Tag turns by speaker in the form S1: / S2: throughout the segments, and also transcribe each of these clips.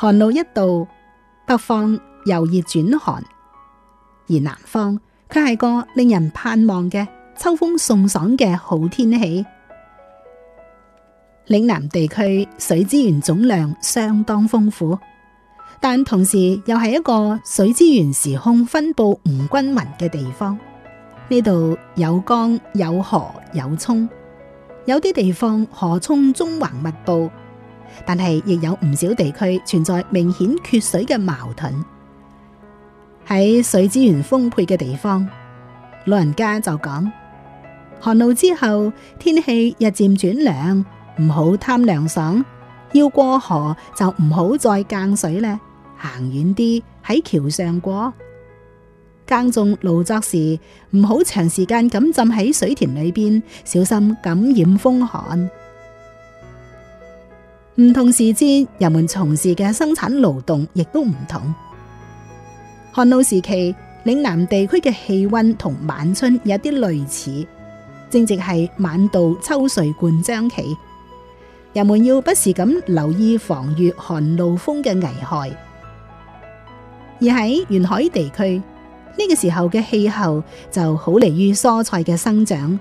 S1: 寒露一到，北方由熱轉寒，而南方卻係個令人盼望嘅秋風送爽嘅好天氣。嶺南地區水資源總量相當豐富，但同時又係一個水資源時空分布唔均匀嘅地方。呢度有江有河有涌，有啲地方河涌縱橫密布。但係亦有唔少地區存在明顯缺水嘅矛盾。喺水資源豐沛嘅地方，老人家就講：寒露之後天氣日漸轉涼，唔好貪涼爽，要過河就唔好再耕水咧，行遠啲喺橋上過。耕種勞作時，唔好長時間咁浸喺水田裏邊，小心感染風寒。唔同時節，人們從事嘅生產勞動亦都唔同。寒露時期，嶺南地區嘅氣溫同晚春有啲類似，正值係晚稻秋穗灌漿期，人們要不時咁留意防禦寒露風嘅危害。而喺沿海地區，呢個時候嘅氣候就好利於蔬菜嘅生長，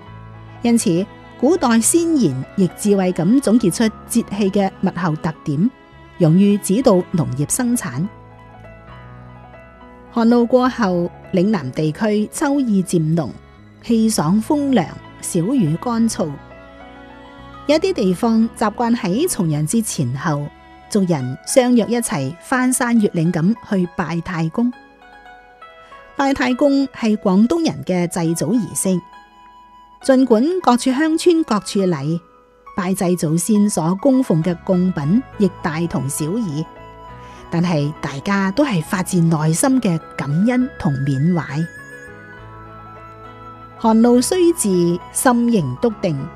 S1: 因此。古代先賢亦智慧咁總結出節氣嘅物候特點，容易指導農業生產。寒露過後，嶺南地區秋意漸濃，氣爽風涼，少雨乾燥。有啲地方習慣喺重陽節前後，族人相約一齊翻山越嶺咁去拜太公。拜太公係廣東人嘅祭祖儀式。儘管各處鄉村各處例，拜祭祖先所供奉嘅供品亦大同小異，但係大家都係發自內心嘅感恩同緬懷。寒露雖至，心仍篤定。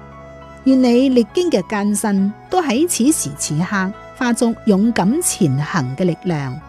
S1: 願你歷經嘅艱辛，都喺此時此刻化作勇敢前行嘅力量。